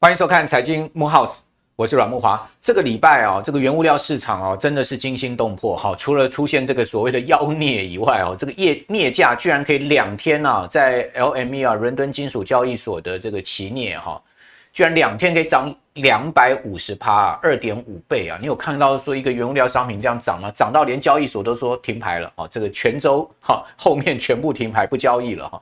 歡迎收看《財經慕 House》，我是阮慕驊。這個禮拜啊、哦，這個原物料市場哦，真的是驚心動魄哈、哦！除了出現這個所謂的妖鎳以外哦，這個鎳鎳價居然可以兩天啊，在 LME 啊，倫敦金屬交易所的這個期鎳哈，居然兩天可以漲兩百五十趴，二點五倍啊！你有看到說一個原物料商品這樣漲嗎、啊？漲到連交易所都說停牌了啊、哦！這個泉州哈、哦、後面全部停牌不交易了哈，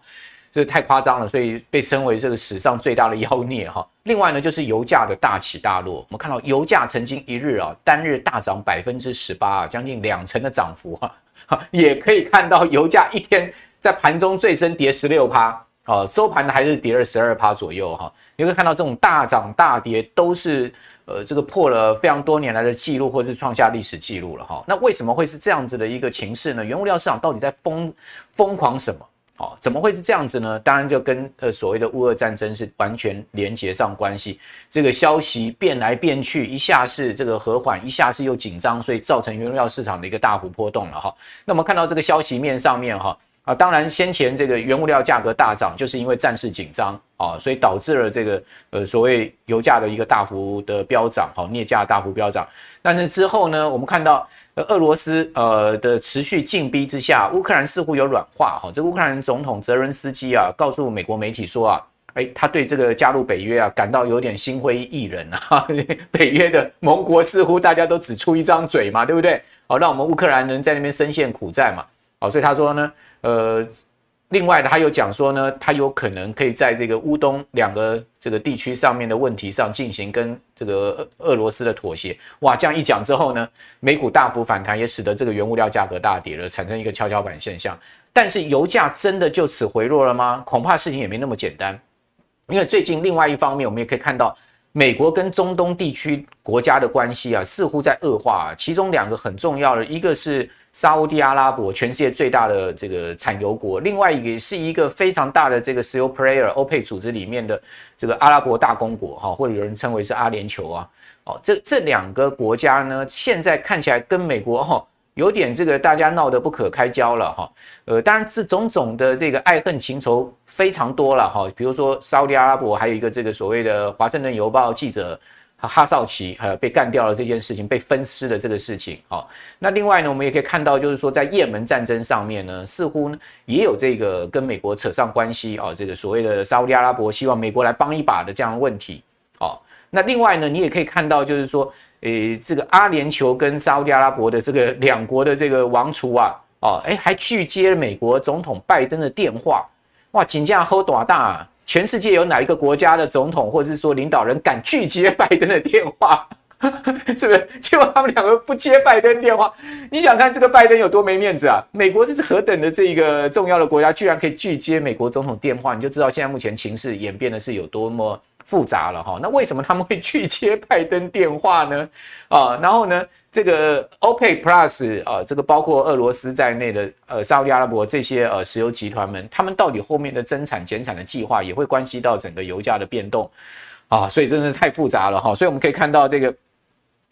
這、哦、太誇張了，所以被稱為這個史上最大的妖鎳哈、哦。另外呢，就是油價的大起大落，我們看到油價曾經一日啊單日大漲百分之十八，將近兩成的漲幅哈、哦，也可以看到油價一天在盤中最深跌十六趴。啊，收盤的還是跌了十二趴左右哈，你會看到這種大漲大跌都是呃這個破了非常多年來的記錄，或者是創下歷史記錄了哈。那為什麼會是這樣子的一個情勢呢？原物料市場到底在瘋瘋狂什麼？哈，怎麼會是這樣子呢？當然就跟呃所謂的烏俄戰爭是完全連結上關係。這個消息變來變去，一下是這個和緩，一下是又緊張，所以造成原物料市場的一個大幅波動了哈。那我們看到這個消息面上面哈。啊，當然，先前這個原物料價格大漲，就是因為戰事緊張啊，所以導致了這個呃所謂油價的一個大幅的飆漲，好、啊，鎳價大幅飆漲。但是之後呢，我們看到呃俄羅斯呃的持續進逼之下，烏克蘭似乎有軟化哈、啊。這烏克蘭總統澤連斯基啊，告訴美國媒體說啊，哎、他對這個加入北約啊感到有點心灰意冷啊呵呵。北約的盟國似乎大家都只出一張嘴嘛，對不對？好、啊，讓我們烏克蘭人在那邊深陷苦戰嘛。好、啊，所以他說呢。呃，另外他又講說呢，他有可能可以在這個烏東兩個這個地區上面的問題上進行跟這個俄羅斯的妥協。哇，這樣一講之後呢，美股大幅反彈，也使得這個原物料價格大跌了，產生一個蹺蹺板現象。但是油價真的就此回落了嗎？恐怕事情也沒那麼簡單。因為最近另外一方面，我們也可以看到美國跟中東地區國家的關係啊，似乎在惡化、啊。其中兩個很重要的，一個是。沙烏地阿拉伯，全世界最大的這個產油國，另外也是一個非常大的這個石油 player，歐佩組織裡面的這個阿拉伯大公國哈，或者有人稱為是阿聯酋啊，哦，這這兩個國家呢，現在看起來跟美國哈、哦、有點這個大家鬧得不可開交了哈、哦，呃，當然是種種的這個愛恨情仇非常多了哈、哦，比如說沙烏地阿拉伯，還有一個這個所謂的《華盛頓郵報》記者。哈少奇，被幹掉了這件事情，被分屍的這個事情。那另外呢，我們也可以看到，就是說在也門戰爭上面呢，似乎也有這個跟美國扯上關係啊，這個所謂的沙烏地阿拉伯希望美國來幫一把的這樣的問題。那另外呢，你也可以看到，就是說，誒、欸，這個阿聯酋跟沙烏地阿拉伯的這個兩國的這個王儲啊，哦，哎，還拒接了美國總統拜登的電話，哇，真正好大膽啊！全世界有哪一個國家的總統或者是說領導人敢拒接拜登的電話？ 是不是？結果他們兩個不接拜登電話，你想看這個拜登有多沒面子啊？美國這是何等的這個重要的國家，居然可以拒接美國總統電話，你就知道現在目前情勢演變的是有多麼。複雜了哈，那為什麼他們會拒接拜登電話呢？啊，然後呢，這個 OPEC Plus 啊，這個包括俄羅斯在內的呃，沙烏地阿拉伯這些呃，石油集團們，他們到底後面的增產減產的計劃，也會關係到整個油價的變動啊，所以真的是太複雜了哈。所以我們可以看到這個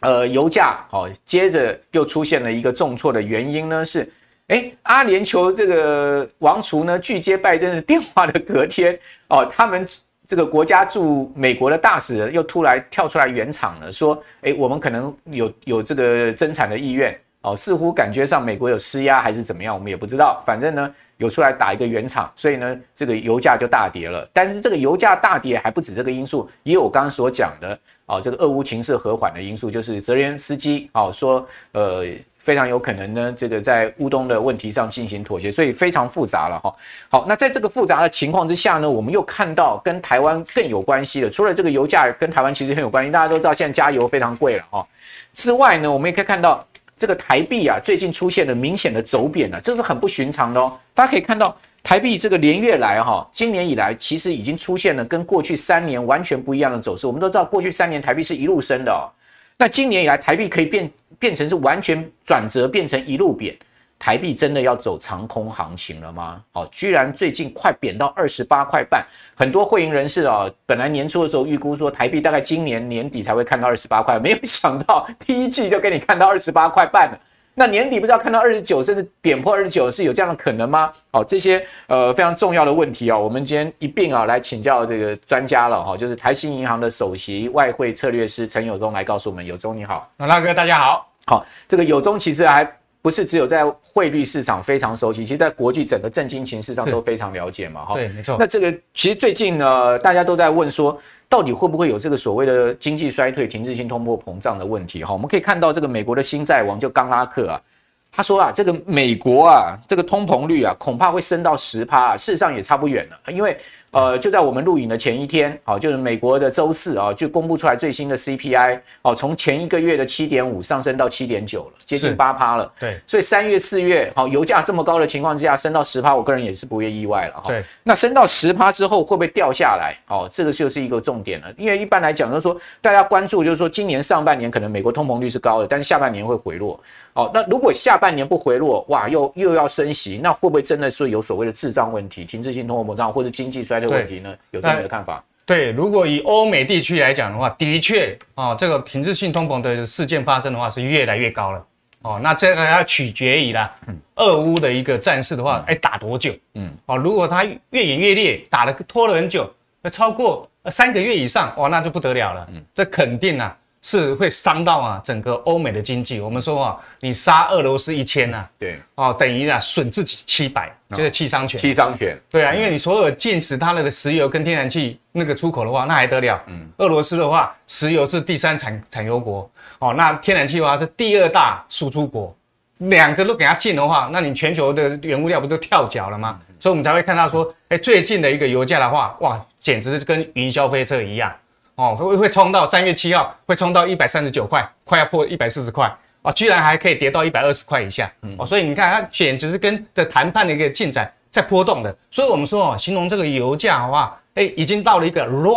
呃，油價哦，接着又出現了一個重挫的原因呢，是、欸、誒阿聯酋這個王儲呢拒接拜登的電話的隔天哦，他們。這個國家駐美國的大使又突然跳出來圓場了，說：“哎，我們可能有有這個增產的意願哦，似乎感覺上美國有施壓還是怎麼樣，我們也不知道。反正呢，有出來打一個圓場，所以呢，這個油價就大跌了。但是這個油價大跌還不止這個因素，也有我剛剛所講的啊、哦，這個俄烏情勢和緩的因素，就是澤連斯基啊說，呃。”非常有可能呢，這個在烏東的問題上進行妥協，所以非常複雜了哈、哦。好，那在這個複雜的情況之下呢，我們又看到跟台灣更有關係的，除了這個油價跟台灣其實很有關係，大家都知道現在加油非常貴了哈、哦。之外呢，我們也可以看到這個台幣啊，最近出現了明顯的走貶了，這是很不尋常的哦。大家可以看到台幣這個連月來哈、哦，今年以來其實已經出現了跟過去三年完全不一樣的走勢。我們都知道過去三年台幣是一路升的哦。那今年以來，台幣可以變變成是完全轉折，變成一路貶，台幣真的要走長空行情了嗎？好、哦，居然最近快貶到二十八塊半，很多匯銀人士啊、哦，本來年初的時候預估說台幣大概今年年底才會看到二十八塊，沒有想到第一季就給你看到二十八塊半了。那年底不知道看到二十九，甚至點破二十九，是有這樣的可能嗎？好、哦，這些呃非常重要的問題啊、哦，我們今天一併啊來請教這個專家了哈、哦，就是台新銀行的首席外匯策略師陳有忠來告訴我們，有忠你好，老大哥大家好，好、哦、這個有忠其實還。不是只有在匯率市場非常熟悉，其實在國際整個政經情勢上都非常了解嘛，哈。對，沒錯。那這個其實最近呢、呃，大家都在問說，到底會不會有這個所謂的經濟衰退、停滯性通貨膨脹的問題？哈、哦，我們可以看到這個美國的新債王就岡拉客啊，他說啊，這個美國啊，這個通膨率啊，恐怕會升到十趴，事實上也差不遠了，因為。呃，就在我們錄影的前一天，好、哦，就是美國的周四啊、哦，就公布出來最新的 CPI，哦，從前一個月的七點五上升到七點九了，接近八趴了。對，所以三月、四月，好，油價這麼高的情況之下，升到十趴我個人也是不會意外了、哦。對，那升到十趴之後會不會掉下來？哦，這個就是一個重點了。因為一般來講，就是說大家關注就是說今年上半年可能美國通膨率是高的，但是下半年會回落。哦，那如果下半年不回落，哇，又又要升息，那會不會真的是有所謂的滯脹問題、停滯性通貨膨脹或者經濟衰退？對呢，有的看法。對，如果以歐美地區來講的話，的確啊、哦，這個停滯性通膨的事件發生的話，是越來越高了。哦，那這個要取決於啦，俄烏的一個戰事的話，哎、嗯欸，打多久？嗯，哦，如果它越演越烈，打了拖了很久，呃，超過三個月以上，哦、那就不得了了。嗯、這肯定啊。是會傷到啊整個歐美的經濟。我們說啊，你殺俄羅斯一千吶、啊，對，哦，等於啊損自己七百，就是七傷拳。七傷拳。對啊，因為你所有禁止他它的石油跟天然氣那個出口的話，那還得了。嗯。俄羅斯的話，石油是第三產產油國，哦，那天然氣的話是第二大輸出國，兩個都給他禁的話，那你全球的原物料不就跳腳了嗎？嗯、所以我們才會看到說，哎，最近的一個油價的話，哇，簡直是跟雲霄飛車一樣。哦，會會衝到三月七號，會衝到一百三十九塊，快要破一百四十塊啊！居然還可以跌到一百二十塊以下哦，所以你看它簡直是跟的談判的一個進展在波動的，所以我們說哦，形容這個油價的話，哎、欸，已經到了一個亂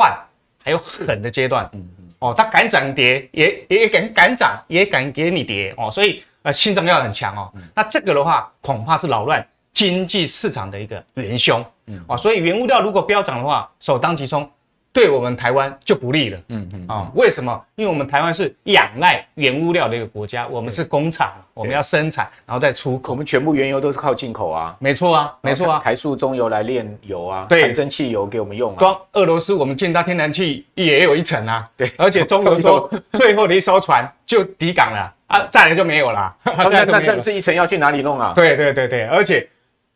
還有狠的階段，嗯嗯，哦，它敢漲跌，也也敢敢漲，也敢給你跌哦，所以呃，心臟要很強哦、嗯。那這個的話，恐怕是擾亂經濟市場的一個元兇，嗯、哦、啊，所以原物料如果飆漲的話，首當其衝。對我們台灣就不利了，嗯嗯啊、哦，為什麼？因為我們台灣是仰賴原物料的一個國家，我們是工廠，我們要生產，然後再出口，我們全部原油都是靠進口啊。沒錯啊，沒錯啊，台塑中油來煉油啊，對，蒸汽油給我們用，啊。光俄羅斯我們進的天然氣也有一成啊，對，而且中油說最後的一艘船就抵港了 啊，再來就沒有了，那那那這一成要去哪裡弄啊？對對對對、對、對，而且。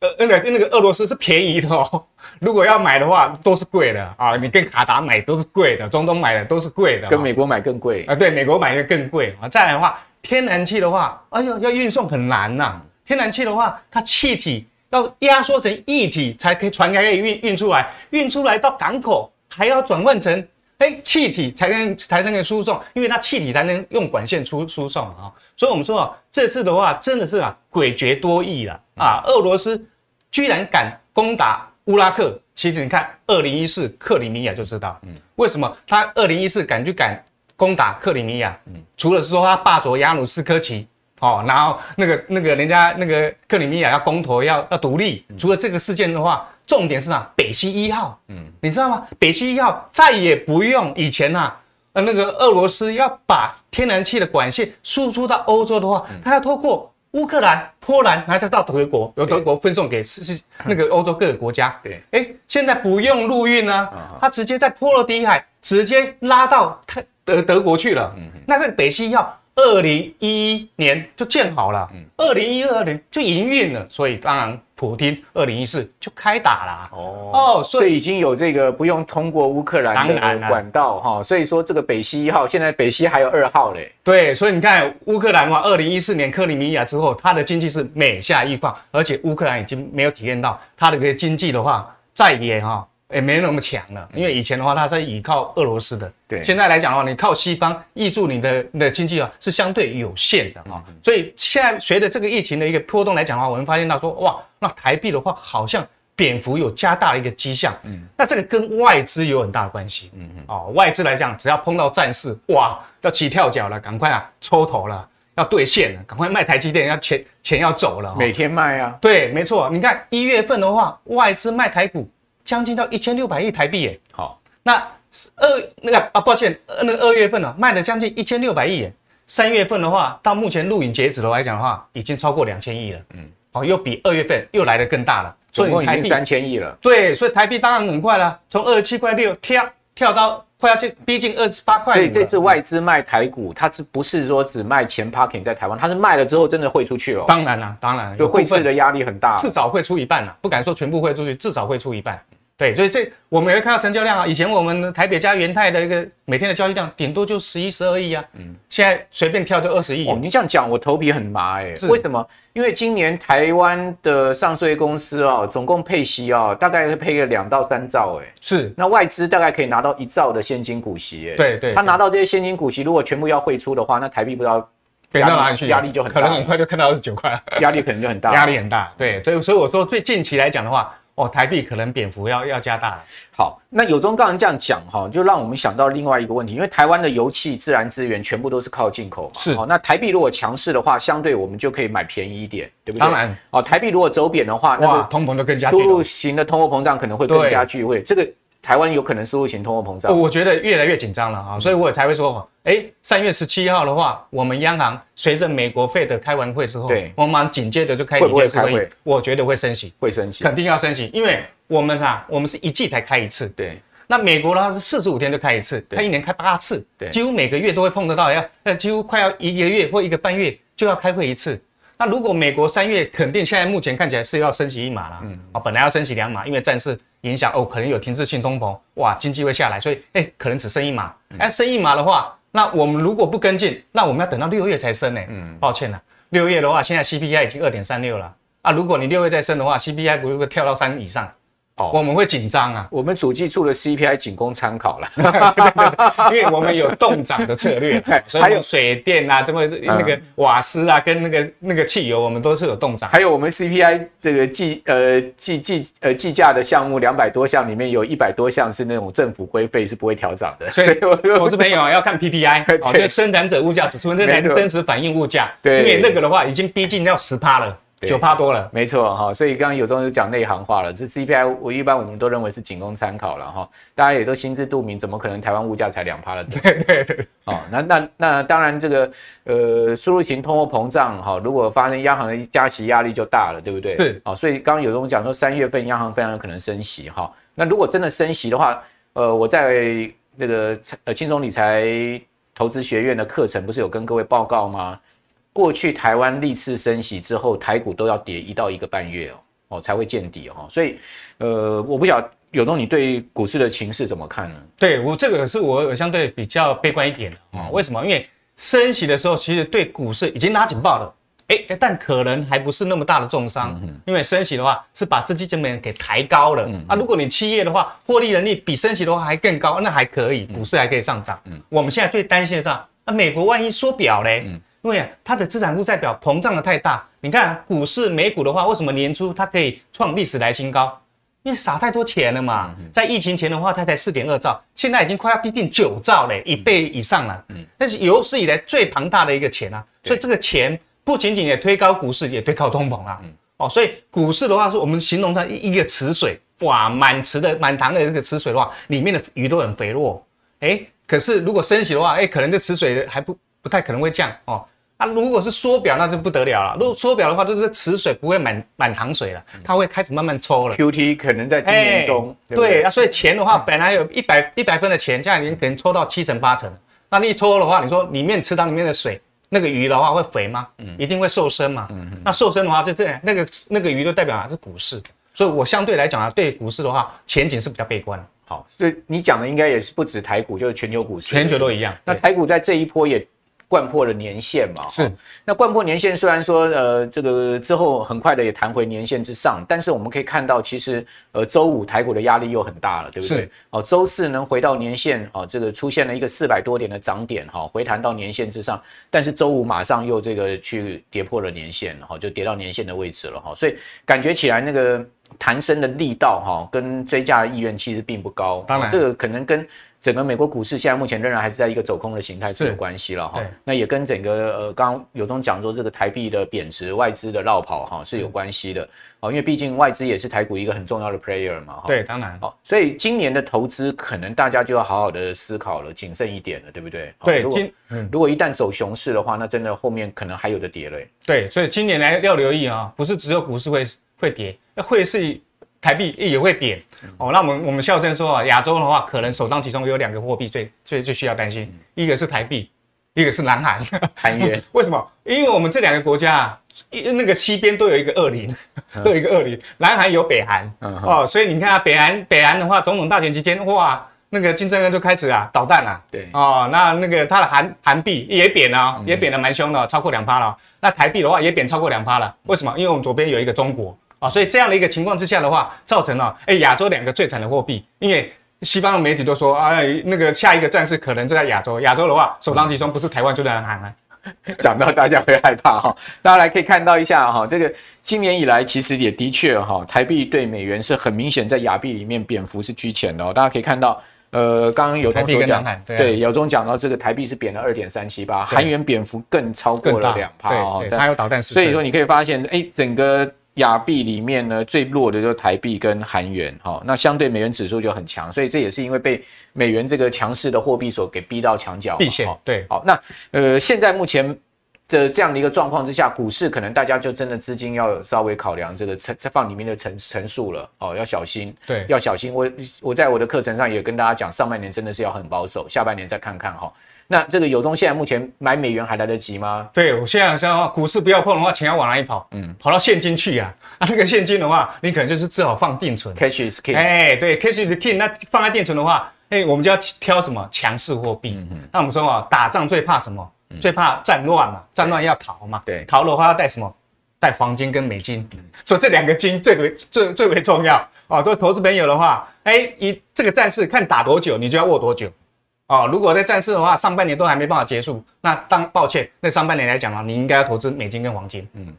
呃，那個那個俄羅斯是便宜的哦，如果要買的話都是貴的啊，你跟卡達買都是貴的，中東買的都是貴的，跟美國買更貴啊，對，美國買一個更貴啊。再來的話，天然氣的話，哎呦，要運送很難吶、啊。天然氣的話，它氣體要壓縮成液體才可以，船才可以運運出來，運出來到港口還要轉換成哎、欸、氣體才能才能給輸送，因為它氣體才能用管線輸輸送啊。所以我們說啊，這次的話真的是啊詭譎多意了啊，嗯、俄羅斯。居然敢攻打烏拉克？其實你看，二零一四克里米亞就知道，嗯，為什麼他二零一四敢去敢攻打克里米亞？嗯，除了是說他霸著雅努斯科奇，哦，然後那個那個人家那個克里米亞要公投要要獨立，嗯，除了這個事件的話，重點是哪？北溪一號，嗯，你知道嗎？北溪一號再也不用以前哪，呃，那個俄羅斯要把天然氣的管線輸出到歐洲的話，嗯，他要透過。烏克蘭、波蘭，然後再到德國，由德國分送給是是、欸、那個歐洲各個國家。對，哎、欸，現在不用陸運了，他直接在波羅的海直接拉到泰德、呃、德國去了。嗯、那這個北溪要二零一一年就建好了，嗯，二零一二年就營運了，所以當然，普京二零一四就開打了、啊。哦所，所以已經有這個不用通過烏克蘭的管道哈、啊，所以說這個北溪一號現在北溪還有二號嘞。對，所以你看烏克蘭嘛，二零一四年克里米亞之後，它的經濟是每下一放，而且烏克蘭已經沒有體驗到它的這個經濟的話再也哈。哦哎，沒那麼強了，因為以前的話，它是依靠俄羅斯的。對，現在來講的話，你靠西方挹注你的你的經濟啊，是相對有限的、嗯、所以現在隨着這個疫情的一個波動來講的話，我們發現到說，哇，那台幣的話，好像貶幅有加大的一個跡象。嗯，那這個跟外資有很大的關係。嗯嗯、哦，外資來講，只要碰到戰事，哇，要起跳腳了，趕快啊，抽頭了，要兌現了，趕快賣台積電，要錢錢要走了、哦。每天賣啊？對，沒錯。你看一月份的話，外資賣台股。將近到一千六百億台幣耶，好、哦，那二那個啊，抱歉，那個、二月份呢、啊、賣了將近一千六百億，三月份的話，到目前錄影截止的來講的話，已經超過兩千億了，嗯，好、哦，又比二月份又來得更大了，已經了所以你台幣三千億了，對，所以台幣當然很快了，從二十七塊六跳跳到。快要這，逼近二十八塊。所以這次外資賣台股，它是不是說只賣錢 parking 在台灣？它是賣了之後真的匯出去了？當然啦，當然，就匯出的壓力很大，至少匯出一半啦、啊。不敢說全部匯出去，至少匯出一半。對，所以這我們也會看到成交量啊。以前我們台北加元泰的一個每天的交易量，頂多就十一十二億啊。嗯。現在隨便跳就二十億。哦，你這樣講，我頭皮很麻哎、欸。是。為什麼？因為今年台灣的上市公司啊、哦，總共配息啊、哦，大概是配個兩到三兆哎、欸。是。那外資大概可以拿到一兆的現金股息、欸。對對。他拿到這些現金股息，如果全部要匯出的話，那台幣不知道貶到哪裡去，壓力就很大。可能很快就看到二十九塊了，壓力可能就很大了。壓力很大。對，所以所以我說，最近期來講的話。哦，台幣可能貶幅要要加大了。好，那有忠剛剛這樣講哈、哦，就讓我們想到另外一個問題，因為台灣的油氣自然資源全部都是靠進口，是是、哦。那台幣如果強勢的話，相對我們就可以買便宜一點，對不對？當然哦，台幣如果走貶的話，那麼哇，通膨的更加。輸入型的通貨膨、膨脹可能會更加劇烈。這個。台灣有可能輸入型通貨膨脹，我覺得越來越緊張了啊、嗯，所以我才會說，哎，三月十七號的話，我們央行隨着美國 Fed 開完會之後，我們緊接着就開，會不會開會？我覺得會升息，會升息，肯定要升息，因為我們啊，我們是一季才開一次，對，對。那美國的話是四十五天就開一次，他一年開八次，幾乎每個月都會碰得到，要呃幾乎快要一個月或一個半月就要開會一次。那如果美國三月肯定現在目前看起來是要升息一碼了，嗯，本來要升息兩碼，因為戰事影響哦，可能有停滯性通膨，哇，經濟會下來，所以哎、欸，可能只升一碼，哎、嗯，升、啊、一碼的話，那我們如果不跟進，那我們要等到六月才升呢、欸。嗯，抱歉了、啊，六月的話，現在 CPI 已經二點三六了，啊，如果你六月再升的話，CPI 不會跳到三以上。Oh, 我們會緊張啊。我們主計處的 CPI 僅供參考了， 因為我們有凍漲的策略， 所以還有水電啊，這麼那個瓦斯啊，嗯、跟那個那個汽油，我們都是有凍漲。還有我們 CPI 這個計呃計計呃計價的項目，兩百多項裡面有一百多項是那種政府規費是不會調漲的。所以投資朋友啊，要看 PPI， 哦、就生產者物價指數，那才是真實反映物價。對，因為那個的話已經逼近要十趴了。九趴多了，沒錯哈，所以剛剛有忠就講內行話了，這 CPI 我一般我們都認為是僅供參考了哈，大家也都心知肚明，怎麼可能台灣物價才兩趴了？對對對，哦、那那那當然這個呃輸入型通貨膨脹哈、哦，如果發生央行的加息壓力就大了，對不對？是啊、哦，所以剛剛有忠講說三月份央行非常有可能升息哈、哦，那如果真的升息的話，呃我在那個呃輕鬆理財投資學院的課程不是有跟各位報告嗎？過去台灣歷次升息之後，台股都要跌一到一個半月哦，哦才會見底哦。所以，呃，我不曉得有忠你對於股市的情勢怎麼看呢？對我這個是我相對比較悲觀一點啊、哦。為什麼？因為升息的時候，其實對股市已經拉警報了、嗯欸。但可能還不是那麼大的重傷、嗯，因為升息的話是把資金成本給抬高了、嗯啊、如果你企業的話，獲利能力比升息的話還更高，那還可以，股市還可以上漲。嗯，我們現在最擔心的是、啊，那、啊、美國萬一縮表嘞？嗯。因為它的資產負債表膨脹的太大，你看股市美股的話，為什麼年初它可以創歷史來新高？因為撒太多錢了嘛。在疫情前的話，它才四點二兆，現在已經快要逼近九兆嘞，一倍以上了。嗯，但是有史以來最龐大的一個錢啊。所以這個錢不僅僅也推高股市，也推高通膨啦。哦，所以股市的話，是我們形容它一一個池水哇，滿池的滿塘的這個池水的話，裡面的魚都很肥沃。哎，可是如果升息的話，哎，可能這池水還不不太可能會降哦。如果是縮表，那就不得了了。如果縮表的話，就是池水不會滿滿塘水了。嗯，它會開始慢慢抽了。QT 可能在今年中，欸、對啊，所以錢的話，本來有一百一百 分的錢，這樣已經可能抽到七成八成。那你一抽的話，你說裡面池塘裡面的水，那個魚的話會肥嗎？嗯、一定會瘦身嘛。嗯嗯嗯。那瘦身的話就，就這那個那個魚就代表是股市。所以我相對來講啊，對股市的話，前景是比較悲觀。好，所以你講的應該也是不止台股，就是全球股市，全球都一樣。那台股在這一波也，摜破了年線嘛？是。哦、那摜破年線。雖然說，呃，這個之後很快的也彈回年線之上，但是我們可以看到，其實呃，週五台股的壓力又很大了，對不對？哦，週四能回到年線，哦，這個出現了一個四百多點的漲點，哈、哦，回彈到年線之上，但是週五馬上又這個去跌破了年線，哈、哦，就跌到年線的位置了，哈、哦。所以感覺起來那個彈升的力道，哈、哦，跟追價的意願其實並不高。當然，哦、這個可能跟。整個美國股市現在目前仍然還是在一個走空的形態，是有關係了哈、哦。那也跟整個呃，剛剛有忠講說這個台幣的貶值、外資的落跑哈是有關係的、哦、因為畢竟外資也是台股一個很重要的 player 嘛哈、哦。對，當然、哦。所以今年的投資可能大家就要好好的思考了，謹慎一點了，對不對？對，哦、如今、嗯、如果一旦走熊市的話，那真的後面可能還有得跌嘞。對，所以今年來要留意啊，不是只有股市會會跌，那會是。台幣也會貶、嗯、哦，那我們我們笑稱說啊，亞洲的話可能首當其衝有兩個貨幣最最最需要擔心、嗯，一個是台幣，一個是南韓韓元。為什麼？因為我們這兩個國家啊，那個西邊都有一個惡鄰、嗯，都有一個惡鄰。南韓有北韓、嗯嗯，哦，所以你看啊，北韓北韓的話，總統大選期間，哇，那個金正恩就開始啊導彈了、啊。對，哦，那那個他的韓韓幣也貶了、哦嗯，也貶得蠻兇了、哦、超過兩趴了、哦。那台幣的話也貶超過兩趴了。為什麼？因為我們左邊有一個中國。啊、哦，所以這樣的一個情況之下的話，造成了哎亞洲兩個最慘的貨幣，因為西方的媒體都說啊、哎，那個下一個戰事可能就在亞洲。亞洲的話首當其衝不是台灣就是南韓，講、嗯、到大家會害怕哈、哦。 大家來可以看到一下哈、哦，這個今年以來其實也的確哈、哦，台幣對美元是很明顯在亞幣裡面貶幅是居前的、哦。大家可以看到，呃，剛剛有忠講、啊，對，有忠講到這個台幣是貶了二點三七八，韓元貶幅更超過了兩趴哦。還有導彈，所以說你可以發現哎、欸，整個。亞幣裡面呢，最弱的就是台幣跟韓元，哈、哦，那相對美元指數就很強，所以這也是因為被美元這個強勢的貨幣所給逼到牆角避險、哦，對，好、哦，那呃，現在目前的這樣的一個狀況之下，股市可能大家就真的資金要稍微考量這個放裡面的成成數了，哦，要小心，對，要小心，我我在我的課程上也跟大家講，上半年真的是要很保守，下半年再看看，哈、哦。那這個有忠現在目前買美元還來得及嗎？對，我現在想啊，股市不要碰的話，錢要往哪裡跑？嗯，跑到現金去呀、啊。啊、那這個現金的話，你可能就是只好放定存。Cash is king。哎、欸，對，Cash is king。那放在定存的話，哎、欸，我們就要挑什麼強勢貨幣。那我們說啊，打仗最怕什麼？最怕戰亂嘛。嗯、戰亂要逃嘛。對，逃的話要帶什麼？帶黃金跟美金。嗯、所以這兩個金最為最最為重要啊。做投資朋友的話，哎、欸，你這個戰事看打多久，你就要握多久。哦，如果在戰事的話，上半年都還沒辦法結束，那當抱歉，那上半年來講呢，你應該要投資美金跟黃金。嗯，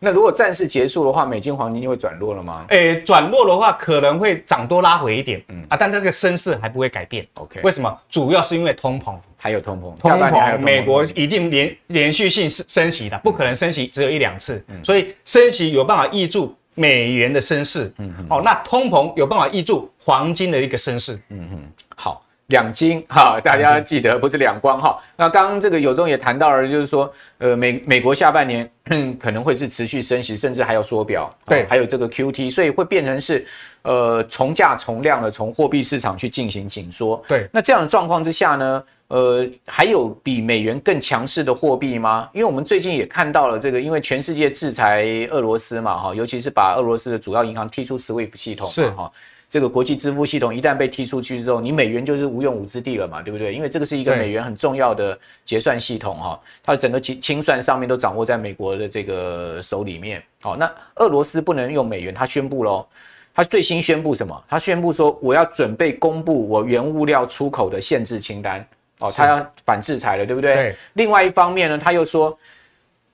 那如果戰事結束的話，美金黃金就會轉弱了嗎？哎、欸，轉弱的話，可能會漲多拉回一點。嗯啊，但這個升勢還不會改變。OK，、嗯、為什麼？主要是因為通膨，還有通膨，通膨，美國一定連連續性升升息的，不可能升息只有一兩次、嗯，所以升息有辦法抑制美元的升勢。嗯哼，哦，那通膨有辦法抑制黃金的一個升勢。嗯哼好。兩金哈，大家記得兩不是兩光哈。那剛剛這個有忠也談到了，就是說，呃，美美國下半年可能會是持續升息，甚至還要縮表，對、哦，還有這個 QT，所以會變成是，呃，從價從量的從貨幣市場去進行緊縮，對。那這樣的狀況之下呢，呃，還有比美元更強勢的貨幣嗎？因為我們最近也看到了這個，因為全世界制裁俄羅斯嘛，哈，尤其是把俄羅斯的主要銀行踢出 SWIFT 系統，是哈。這個國際支付系統一旦被踢出去之後，你美元就是無用武之地了嘛，對不對？因為這個是一個美元很重要的結算系統哈、哦，它的整個清清算上面都掌握在美國的這個手裡面。好、哦，那俄羅斯不能用美元，他宣布嘍、哦，他最新宣布什麼？他宣布說我要準備公布我原物料出口的限制清單哦，他要反制裁了，對不對，對？另外一方面呢，他又說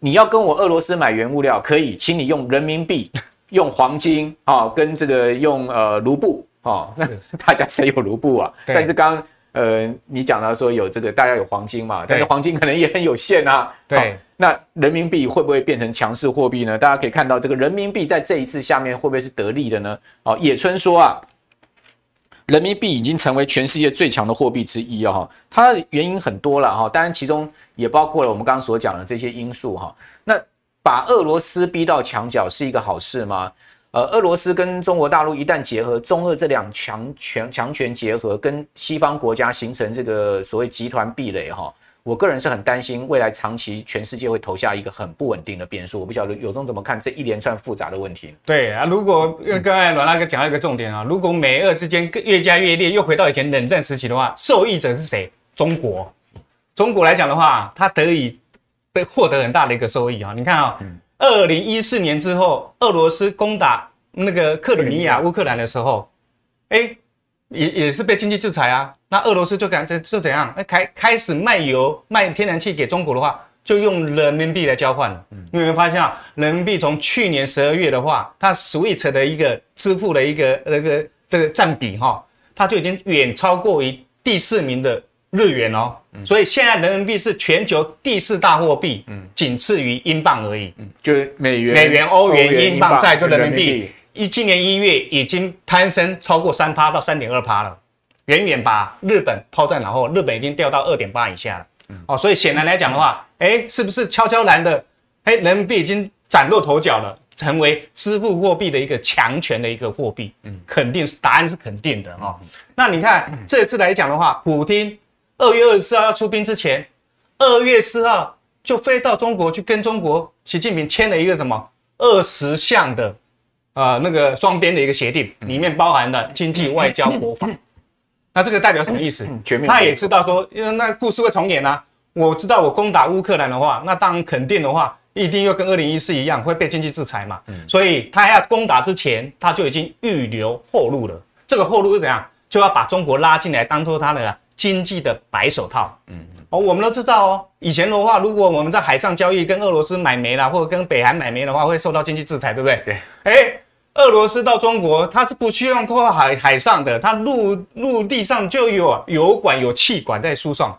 你要跟我俄羅斯買原物料可以，請你用人民幣。用黃金啊、哦，跟這個用呃盧布哦，那大家誰有盧布啊？但是剛剛呃你講到說有這個大家有黃金嘛，但是黃金可能也很有限啊。對、哦，那人民幣會不會變成強勢貨幣呢？大家可以看到這個人民幣在這一次下面會不會是得利的呢？哦，野村說啊，人民幣已經成為全世界最強的貨幣之一啊、哦。它原因很多了哈，當然其中也包括了我們剛剛所講的這些因素哈、哦。那把俄羅斯逼到牆角是一個好事嗎？呃，俄羅斯跟中國大陸一旦結合，中俄這兩強權強權結合，跟西方國家形成這個所謂集團壁壘哈。我個人是很擔心未來長期全世界會投下一個很不穩定的變數。我不曉得有忠怎麼看這一連串複雜的問題？對啊，如果剛才阮大哥講到一個重點啊、嗯，如果美俄之間越加越烈，又回到以前冷戰時期的話，受益者是誰？中國，中國來講的話，它得以。被獲得很大的一個收益啊、哦！你看啊、哦，二零一四年之後，俄羅斯攻打那個克里米亞、烏克蘭、嗯的時候，哎、欸，也也是被經濟制裁啊。那俄羅斯就敢就就怎樣？開開始賣油、賣天然氣給中國的話，就用人民幣來交換了、嗯。你有沒有發現啊？人民幣從去年十二月的話，它 switch 的一個支付的一個那、呃、個這個占比哈、哦，它就已經遠超過於第四名的。日元哦，所以現在人民幣是全球第四大貨幣，僅次於英鎊而已、嗯，就美元、美元、歐元、歐元英鎊在就人民幣，今年一月已經攀升超過三趴到三點二趴了，遠遠把日本拋在腦後，日本已經掉到二點八以下了、嗯，哦，所以顯然來講的話，哎、嗯，是不是悄悄然的，哎，人民幣已經嶄露頭角了，成為支付貨幣的一個強權的一個貨幣，嗯，肯定是答案是肯定的哦、嗯，那你看、嗯、這次來講的話，普丁。二月二十四號要出兵之前，二月四號就飛到中國去跟中國習近平簽了一個什麼二十項的呃那個雙邊的一個協定，裡面包含了經濟、外交、國防。那這個代表什麼意思？他也知道說，因為那故事會重演啊。我知道我攻打烏克蘭的話，那當然肯定的話，一定又跟二零一四一樣會被經濟制裁嘛。所以他還要攻打之前，他就已經預留後路了。這個後路是怎樣？就要把中國拉進來，當做他的。經濟的白手套，嗯哦，我們都知道哦。以前的話，如果我們在海上交易，跟俄羅斯買煤啦，或者跟北韓買煤的話，會受到經濟制裁，對不對？對。哎、欸，俄羅斯到中國，它是不需要靠海海上的，它陸陸地上就有油管、有氣管在輸送。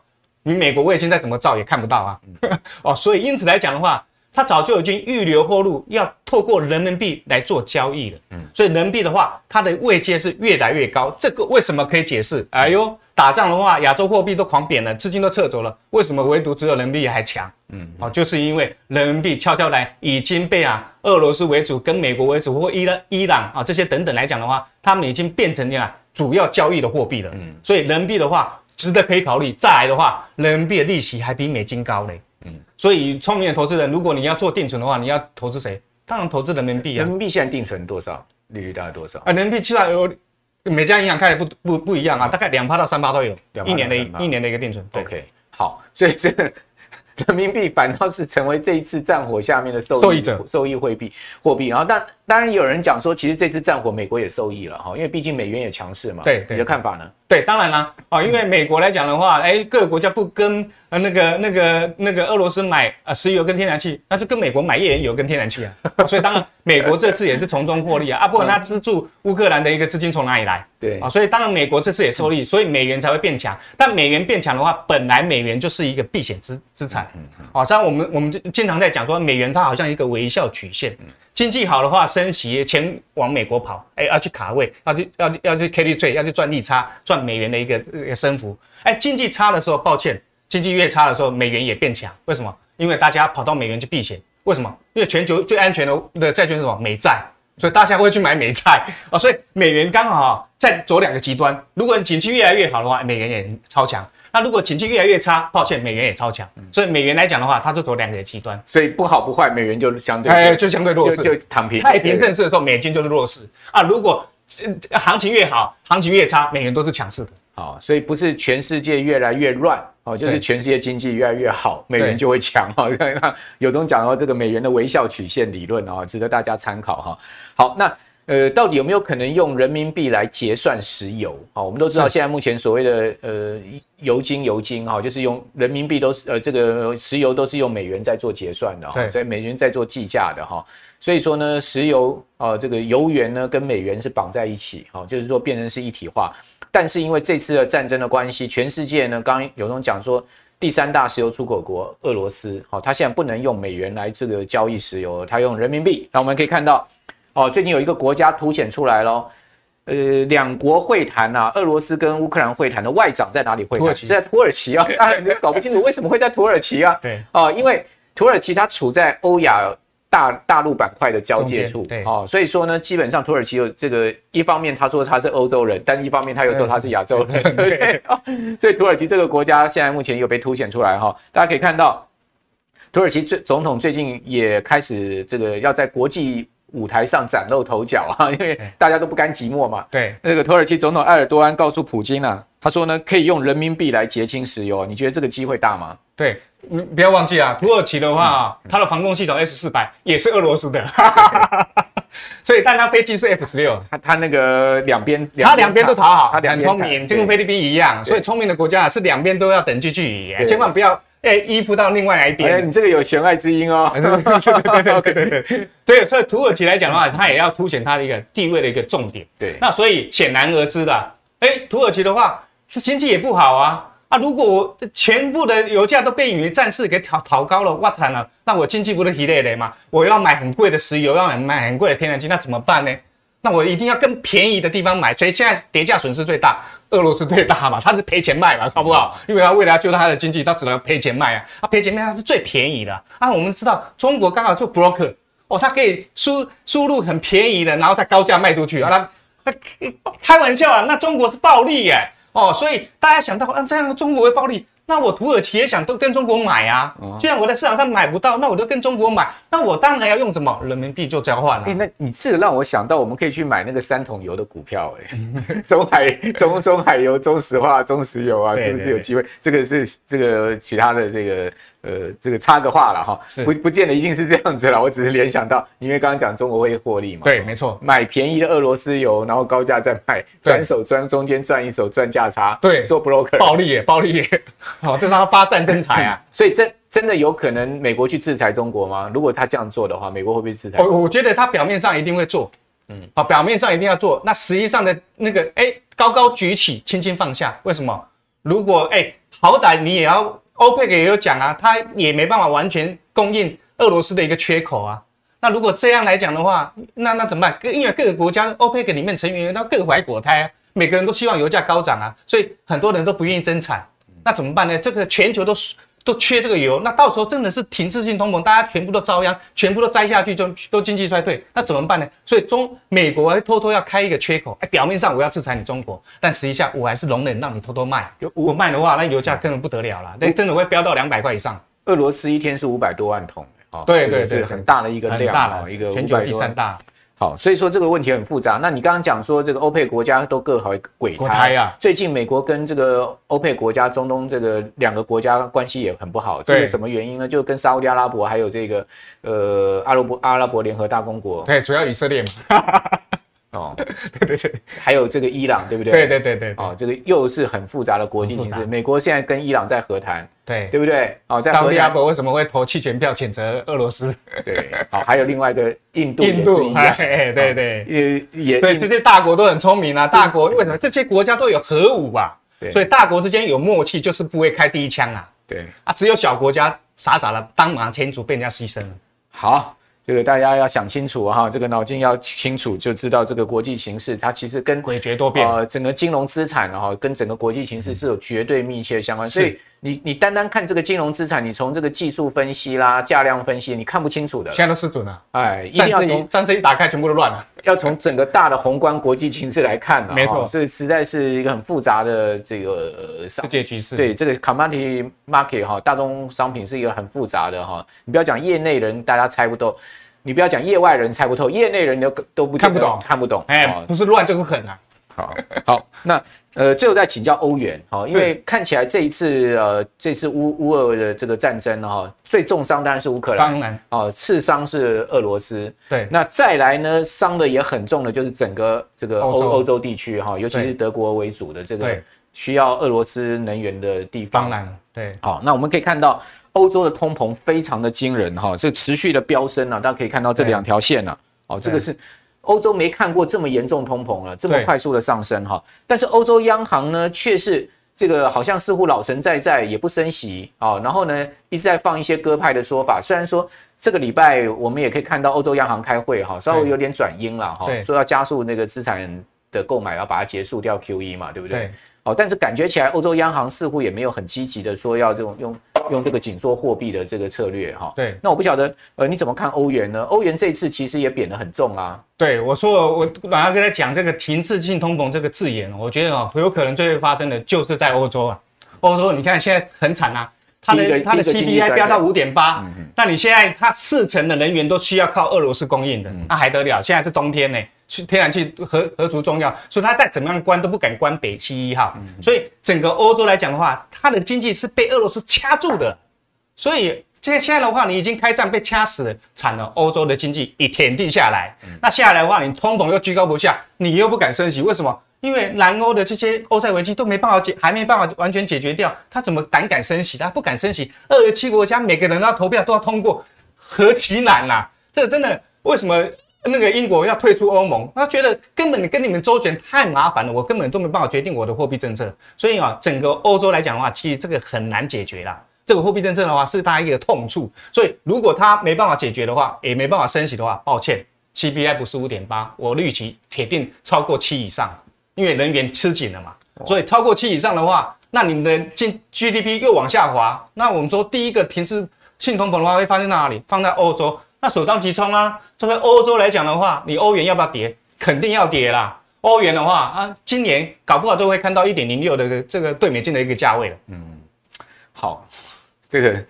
你美國衛星再怎麼照也看不到啊。嗯、呵呵哦，所以因此來講的話。他早就已經預留後路，要透過人民幣來做交易了。嗯，所以人民幣的話，它的位階是越來越高。這個為什麼可以解釋？哎呦，打仗的話，亞洲貨幣都狂貶了，資金都撤走了，為什麼唯獨只有人民幣還強？嗯，哦，就是因為人民幣悄悄來已經被啊俄羅斯為主、跟美國為主，或伊伊朗啊這些等等來講的話，他們已經變成了主要交易的貨幣了。嗯，所以人民幣的話，值得可以考慮，再來的話，人民幣的利息還比美金高嘞。所以聰明的投資人，如果你要做定存的話，你要投資誰？當然投資人民幣啊。人民幣現在定存多少？利率大概多少？啊，人民幣現在有每家銀行開的不不不一樣啊，大概兩趴到三趴都，都有，一年的一一年的一個定存。OK，好，所以這人民幣反倒是成為這一次戰火下面的受益、受益者，受益貨幣貨幣。然後但。當然有人講說，其實這次戰火美國也受益了哈，因為畢竟美元也強勢嘛。對，對，你的看法呢？對，當然啦。因為美國來講的話，哎，各個國家不跟呃那個那個那個俄羅斯買啊石油跟天然氣，那就跟美國買頁岩油跟天然氣啊、嗯。所以當然美國這次也是從中獲利 啊。不然他資助烏克蘭的一個資金從哪裡來？對啊，所以當然美國這次也受益，所以美元才會變強。但美元變強的話，本來美元就是一個避險資資產啊。像、嗯嗯、我們我們經常在講說，美元它好像一個微笑曲線。嗯經濟好的話，升息，錢往美國跑，哎，要去卡位，要去，要要去 carry trade，要去賺利差，賺美元的一個一個升幅。哎，經濟差的時候，抱歉，經濟越差的時候，美元也變強。為什麼？因為大家跑到美元去避險。為什麼？因為全球最安全的的債券是什麼？美債，所以大家會去買美債啊、哦。所以美元剛好、哦、在走兩個極端。如果你景氣越來越好的話，美元也超強。那如果景氣越來越差，抱歉，美元也超強。所以美元來講的話，它就走兩個極端。所以不好不壞，美元就相對、哎、就相對弱勢，就躺平。太平盛世的時候，美金就是弱勢啊。如果行情越好，行情越差，美元都是強勢的。好，所以不是全世界越來越亂哦，就是全世界經濟越來越好，美元就會強哈。有忠講到這個美元的微笑曲線理論哦，值得大家參考哈。好，那。呃，到底有沒有可能用人民幣來結算石油？好、哦、我們都知道現在目前所謂的呃油金油金哈、哦，就是用人民幣都是呃這個石油都是用美元在做結算的，所以美元在做計價的哈、哦。所以說呢，石油啊、呃、這個油元呢跟美元是綁在一起，哈、哦，就是說，變成是一體化。但是因為這次的戰爭的關係，全世界呢剛有人講說，第三大石油出口國俄羅斯，好、哦，它現在不能用美元來這個交易石油，它用人民幣。那我們可以看到。哦，最近有一個國家凸顯出來嘍，呃，兩國會談吶、啊，俄羅斯跟烏克蘭會談的外長在哪裡會談？土耳其，是在土耳其啊， 大家搞不清楚為什麼會在土耳其啊？對，啊、哦，因為土耳其它處在歐亞大大陸板塊的交界處，對、哦，所以說呢，基本上土耳其有這個一方面，他說他是歐洲人，但一方面他又說它他是亞洲人，哎呃、對，對，對，對、 哦，所以土耳其這個國家現在目前又被凸顯出來哈、哦，大家可以看到，土耳其最總統最近也開始這個要在國際舞台上嶄露頭角啊，因為大家都不甘寂寞嘛。對，那個土耳其總統埃爾多安告訴普京呢、啊，他說呢，可以用人民幣來結清石油、啊。你覺得這個機會大嗎？對，你、嗯、不要忘記啊，土耳其的話、啊，它的防空系統 S 四百也是俄羅斯的， 所以但它飛機是 F 十六，他他那個兩邊，他兩邊都討好，他，兩邊他很聰明，就跟菲律賓一樣，所以聰明的國家是兩邊都要等距距離，千萬不要。誒依附到另外一邊，欸，你這個有弦外之音哦， 對對對對，對，對，對所以土耳其來講的話，它也要凸顯它的一個地位的一個重點。對，那所以顯然而知的，誒、欸、土耳其的話，這經濟也不好啊，啊，如果我全部的油價都被美元戰事給炒高了，哇，慘了，那我經濟不是疲累了嘛？我要買很貴的石油，要買買很貴的天然氣，那怎麼辦呢？那我一定要更便宜的地方買，所以現在跌價損失最大，俄羅斯最大嘛，他是賠錢賣嘛，好不好？因為他為了救他的經濟，他只能賠錢賣啊，他賠錢賣他是最便宜的啊，啊。我們知道中國剛好做 broker 哦，他可以輸輸入很便宜的，然後再高價賣出去啊。他開玩笑啊，那中國是暴利耶、欸、哦，所以大家想到，啊，這樣中國會暴利。那我土耳其也想都跟中國買啊，嗯、既然我在市場上買不到，那我就跟中國買，那我當然要用什麼人民幣就交換了、啊。哎、欸，那你這讓我想到我們可以去買那個三桶油的股票、欸，哎， 中海中中海油、中石化、中石油啊， 是不是有機會對對對？這個是這個其他的這個。呃，這個插個話啦哈，是不不見得一定是這樣子啦。我只是聯想到，因為剛剛講中國會獲利嘛，對，沒錯，買便宜的俄羅斯油，然後高價再賣，轉手轉中間賺一手賺價差，對，做 broker 暴利耶，暴利耶，好、 哦，這讓他發戰爭財啊、嗯。所以真真的有可能美國去制裁中國嗎？如果他這樣做的話，美國會不會制裁中國？我、哦、我覺得他表面上一定會做，嗯，好、哦，表面上一定要做，那實際上的那個哎，高高舉起，輕輕放下，為什麼？如果哎，好歹你也要。歐佩克也有講啊，它也沒辦法完全供應俄羅斯的一個缺口啊。那如果這樣來講的話，那那怎麼辦？因為各個國家歐佩克裡面成員都各懷鬼胎啊，每個人都希望油價高漲啊，所以很多人都不願意增產。那怎麼辦呢？這個全球都是。都缺這個油，那到時候真的是停滯性通膨，大家全部都遭殃，全部都栽下去就都經濟衰退，那怎麼辦呢？所以中，美國會偷偷要開一個缺口，哎，表面上我要制裁你中國，但實際上我還是容忍讓你偷偷賣。我賣的話，那油價根本不得了了，那真的會飆到兩百塊以上。俄羅斯一天是五百多萬桶，哦，對對對，很對，對，對很，很大的一個量啊，一個全球第三大。好，所以說這個問題很複雜。那你剛剛講說，這個歐佩國家都各懷鬼胎呀、鬼胎啊。最近美國跟這個歐佩國家、中東這個兩個國家關係也很不好。這是什麼原因呢？就跟沙烏地阿拉伯還有這個，呃，阿拉伯阿拉伯聯合大公國。對，主要以色列嘛。 哦， 對對，對，還有這個伊朗，對不對？對對對對，哦，這個又是很複雜的國際形勢。美國現在跟伊朗在和談，對，對不對？哦，在阿拉伯為什麼會投棄權票譴責俄羅斯？對，好、 哦，還有另外一個印度，印度，哎、哦，嘿嘿對，對對，也也，所以這些大國都很聰明啊，大國因為什麼？這些國家都有核武啊，所以大國之間有默契，就是不會開第一槍啊。對，啊，只有小國家傻傻的當馬前卒被人家犧牲。了、嗯、好。這個大家要想清楚哈，這個腦筋要清楚，就知道這個國際形勢它其實跟詭譎多變，呃，啊，整個金融資產啊，跟整個國際形勢是有絕對密切的相關，嗯，所以。你你單單看這個金融資產，你從這個技術分析啦、價量分析，你看不清楚的。現在都是準了，哎，戰爭一戰爭一,一打開，全部都亂了。 要從整個大的宏觀國際形勢來看呢，沒錯，所以實在是一個很複雜的這個世界局勢。對，這個 commodity market 哈、喔，大宗商品是一個很複雜的哈、喔。你不要講業內人大家猜不透；你不要講業外人猜不透，業內人士都都不看不懂，看不懂，哎、喔，不是亂就是狠啊。好，好，那呃，最後再請教歐元，哈，因為看起來這一次呃，這次烏烏俄的這個戰爭，哈，最重傷當然是烏克蘭，當然，哦，次傷是俄羅斯，對，那再來呢，傷的也很重的就是整個這個歐歐洲、洲地區，哈，尤其是德國為主的這個需要俄羅斯能源的地方，當然，對，好，那我們可以看到歐洲的通膨非常的驚人，哈、哦，這持續的飆升啊，大家可以看到這兩條線啊，哦，這個是。歐洲沒看過這麼嚴重通膨了，這麼快速的上升哈，但是歐洲央行呢，卻是這個好像似乎老神在在，也不升息啊、哦，然後呢，一直在放一些鴿派的說法。雖然說這個禮拜我們也可以看到歐洲央行開會哈，稍微有點轉鷹了哈，說要加速那個資產的購買，要把它結束掉 Q E 嘛，對不對？對好，但是感覺起來，歐洲央行似乎也沒有很積極的說要這種用用這個緊縮貨幣的這個策略哈、喔。對，那我不曉得，呃，你怎麼看歐元呢？歐元這一次其實也貶得很重啊。對，我說我馬上跟他講這個停滯性通膨這個字眼，我覺得很有可能最會發生的就是在歐洲啊。歐洲，你看現在很慘啊它，它的它的 CPI 飆到五點八，那、嗯、你現在它四成的能源都需要靠俄羅斯供應的，那、嗯啊、還得了？現在是冬天呢、欸。去天然氣何何足重要？所以他再怎麼樣關都不敢關北溪一號。所以整個歐洲來講的話，它的經濟是被俄羅斯掐住的。所以現在的話，你已經開戰被掐死了，慘了！歐洲的經濟已填定下來。那下來的話，你通膨又居高不下，你又不敢升息，為什麼？因為南歐的這些歐債危機都沒辦法解，還沒辦法完全解決掉。他怎麼膽敢升息？他不敢升息。二十七國家每個人都要投票都要通過，何其難啊！這真的為什麼？那個英國要退出歐盟，他覺得根本跟你們周旋太麻煩了，我根本都沒辦法決定我的貨幣政策。所以啊，整個歐洲來講的話，其實這個很難解決啦。這個貨幣政策的話是大家一個痛處，所以如果他沒辦法解決的話，也沒辦法升息的話，抱歉，CPI 不是五點八，我預期鐵定超過七以上，因為能源吃緊了嘛。所以超過七以上的話，那你們的 G GDP 又往下滑。那我們說第一個停滯性通膨的話會發生在哪裡？放在歐洲。那首當其衝啊！作為歐洲來講的話，你歐元要不要跌？肯定要跌啦！歐元的話啊，今年搞不好都會看到一點零六的這個對美金的一個價位了。嗯，好，這個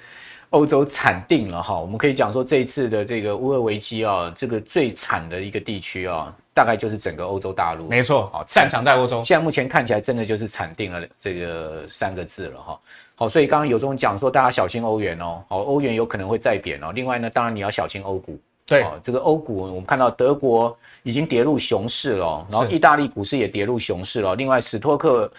歐洲慘定了哈！我們可以講說，這一次的這個烏俄危機啊，這個最慘的一個地區啊、哦，大概就是整個歐洲大陸。沒錯，好，戰場在歐洲。現在目前看起來，真的就是慘定了這個三個字了哈。好，所以剛剛有這種講說，大家小心歐元哦，好，歐元有可能會再貶哦。另外呢，當然你要小心歐股，對、哦，這個歐股我們看到德國已經跌入熊市了，然後意大利股市也跌入熊市了。另外，史托克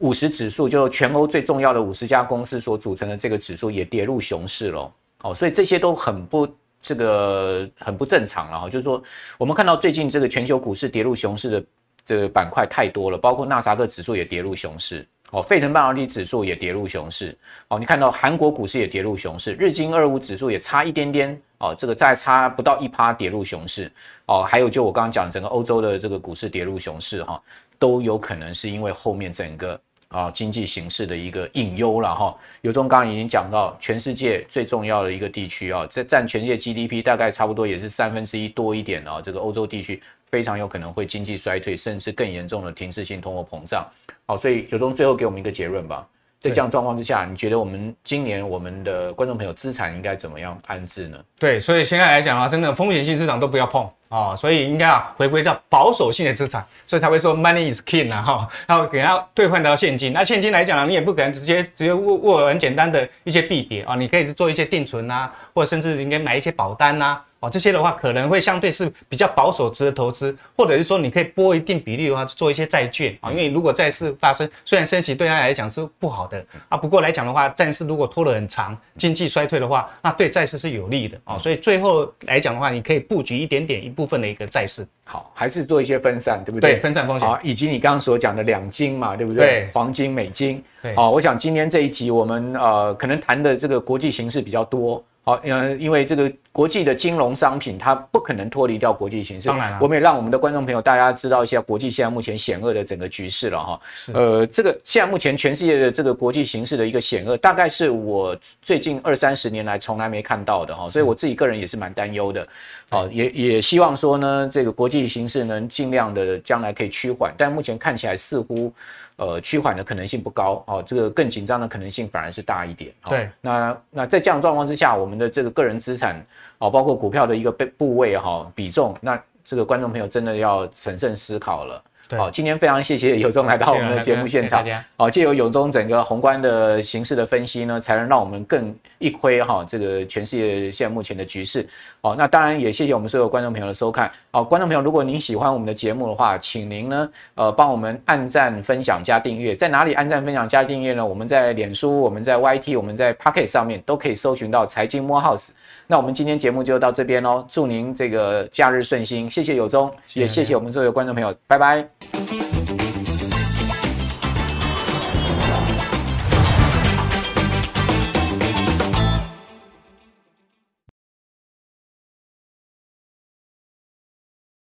五十指數就全歐最重要的五十家公司所組成的這個指數也跌入熊市了。哦、所以這些都很不這個很不正常了，就是說我們看到最近這個全球股市跌入熊市的這個板塊太多了，包括納斯達克指數也跌入熊市。哦，費城半導體指數也跌入熊市。哦，你看到韓國股市也跌入熊市，日經二五指數也差一點點。哦，這個再差不到一趴跌入熊市。哦，還有就我剛剛講，整個歐洲的這個股市跌入熊市，哈、哦，都有可能是因為後面整個啊、哦、經濟形勢的一個隱憂了哈。有忠剛剛已經講到，全世界最重要的一個地區啊，在、哦、佔全世界 GDP 大概差不多也是三分之一多一點啊、哦，這個歐洲地區。非常有可能會經濟衰退，甚至更嚴重的停滯性通貨膨脹。好，所以有忠最後給我們一個結論吧。在這樣狀況之下，你覺得我們今年我們的觀眾朋友資產應該怎麼樣安置呢？對，所以現在來講啊，真的風險性市場都不要碰啊、哦。所以應該啊，回歸到保守性的資產。所以他會說 money is king 啊哈、哦，然後給他兌換到現金。那現金來講呢，你也不可能直接直接握握很簡單的一些幣別啊，你可以做一些定存啊，或者甚至應該買一些保單啊。哦，這些的話可能會相對是比較保守值的投資，或者是說你可以撥一定比例的話做一些債券啊、哦，因為如果債市發生，雖然升息對它來講是不好的啊，不過來講的話，債市如果拖得很長，經濟衰退的話，那對債市是有利的啊、哦，所以最後來講的話，你可以布局一點點一部分的一個債市，好，還是做一些分散，對不對？對，分散風險。好、哦，以及你剛剛所講的兩金嘛，對不對，對？黃金、美金。對，好、哦，我想今天這一集我們呃，可能談的這個國際形勢比較多。好，呃，因為這個國際的金融商品，它不可能脫離掉國際形勢。我們也讓我們的觀眾朋友大家知道一下，國際現在目前險惡的整個局勢了哈。呃，這個現在目前全世界的這個國際形勢的一個險惡，大概是我最近二三十年來從來沒看到的哈，所以我自己個人也是蠻擔憂的。哦，也也希望說呢，這個國際形勢能儘量的將來可以趨緩，但目前看起來似乎，呃，趨緩的可能性不高啊、哦，這個更緊張的可能性反而是大一點。哦、對，那那在這樣狀況之下，我們的這個個人資產啊、哦，包括股票的一個部部位哈、哦、比重，那這個觀眾朋友真的要審慎思考了。好，今天非常謝謝有忠來到我們的節目現場。好，借由有忠整個宏觀的形勢的分析呢，才能讓我們更一窺哈這個全世界現在目前的局勢。哦，那當然也謝謝我們所有觀眾朋友的收看。好，觀眾朋友，如果您喜歡我們的節目的話，請您呢，呃，幫我們按讚、分享、加訂閱。在哪裡按讚、分享、加訂閱呢？我們在臉書、我們在 YT、我們在 Pocket 上面都可以搜尋到財經慕 House。那我們今天節目就到這邊嘍，祝您這個假日順心，謝謝有忠，也謝謝我們所有觀眾朋友，拜拜。